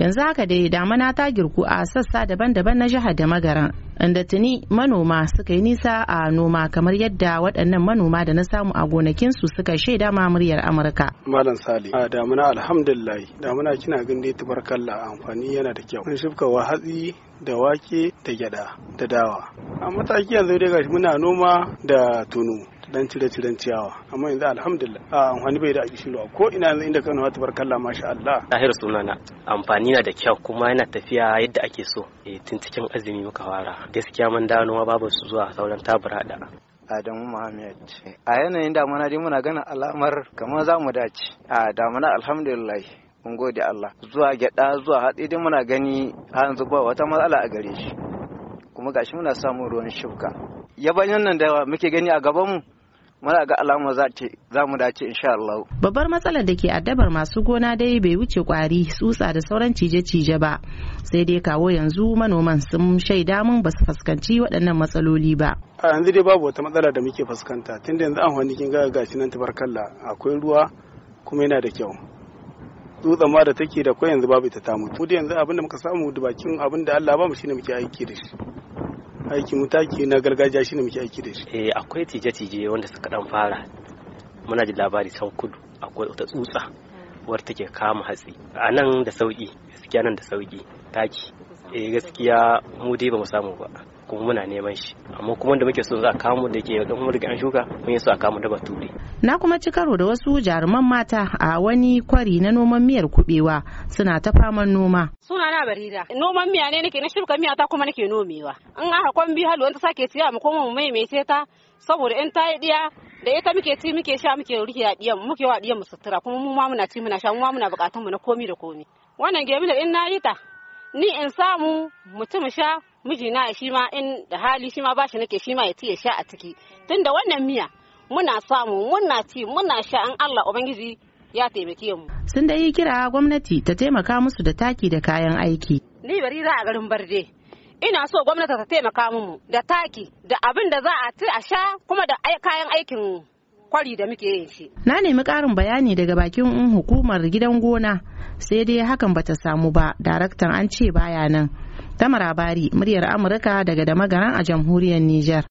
yanzu haka dai damana ta girku a sassa daban-daban na jihar da magaran inda tuni manoma suka yi nisa a noma kamar yadda waɗannan manoma da na samu a gonakinsu suka shaida ma muryar amurka malam sali a damuna alhamdulillah damuna kina gan dai tabarkalla amfani yana da kyau mun shifka wa hatsi da wake da gyada da dawa a mataki yanzu dai gashi muna noma da tunu dan cire-ciren ciyawa amma yanzu alhamdulillah a amfani bai da aiki ruwa ko ina yanzu inda kanu wata barkalla masha Allah lahir sunana amfani na da kyau kuma yana tafiya yadda ake so eh tun cikin azumi muka fara gaskiya mun nuwa babu su zuwa sauran da Adamu Muhammad. A yanayin damuna dai muna ganin alamar kamar za mu dace. A damuna alhamdulillah. Mun gode Allah. Zuwa gyada zuwa hatsi dai muna gani yanzu ba wata matsala a gare shi. Kuma gashi muna samun ruwan shuka. Yabanyan nan da muke gani a gabanmu muna ga alama za mu dace insha Allah. Babbar matsalar da ke addabar masu gona dai bai wuce kwari tsutsa da sauran cije-cije ba sai dai kawo yanzu manoman sun shaida mun ba su fuskanci waɗannan matsaloli ba. A yanzu dai babu wata matsala da muke fuskanta tunda yanzu an wani kin ga gashi nan tabarkalla akwai ruwa kuma yana da kyau. Tsutsa ma da take da kwai yanzu babu ita ta mutu. Mu yanzu abin da muka samu da bakin abin da Allah ba mu shine muke aiki da shi. aiki mutaki na gargajiya shine muke aiki da shi eh akwai tije-tije wanda suka dan fara muna ji labari sau kudu akwai wata tsutsa wadda take kama hatsi a nan da sauki gaskiya nan da sauki taki eh gaskiya mu dai ba mu samu ba kuma muna neman shi amma kuma da muke so za a kamu da ke da kuma an shuka mun yi so a kamu da baturi na kuma ci karo da wasu jaruman mata a wani kwari na noman miyar kubewa suna ta faman noma suna na barira noman miya ne nake na shuka miya ta kuma nake nomewa in aka kwan bi halu wanda sake siya mu koma mu maimaita ta saboda in ta yi diya da ita muke ci muke sha muke rufe a diyan muke wa diyan mu sutura kuma mu ma muna ci muna sha mu ma muna bukatun mu na komi da komi wannan gemila in na yi ta ni in samu mutum sha mijina shi ma in da hali shi ma bashi nake shi ma ya ci ya sha a ciki tunda wannan miya muna samu muna ci muna sha an Allah ubangiji ya taimake mu sun da yi kira gwamnati ta taimaka musu da taki da kayan aiki ni bari za a garin barde ina so gwamnati ta taimaka mu da taki da abin da za a ci a sha kuma da kayan aikin kwari da muke yin shi. Na nemi karin bayani daga bakin hukumar gidan gona sai dai hakan bata samu ba daraktan an ce baya nan Tamara Bari, muryar Amurka daga Damagaran a jamhuriyar Nijar.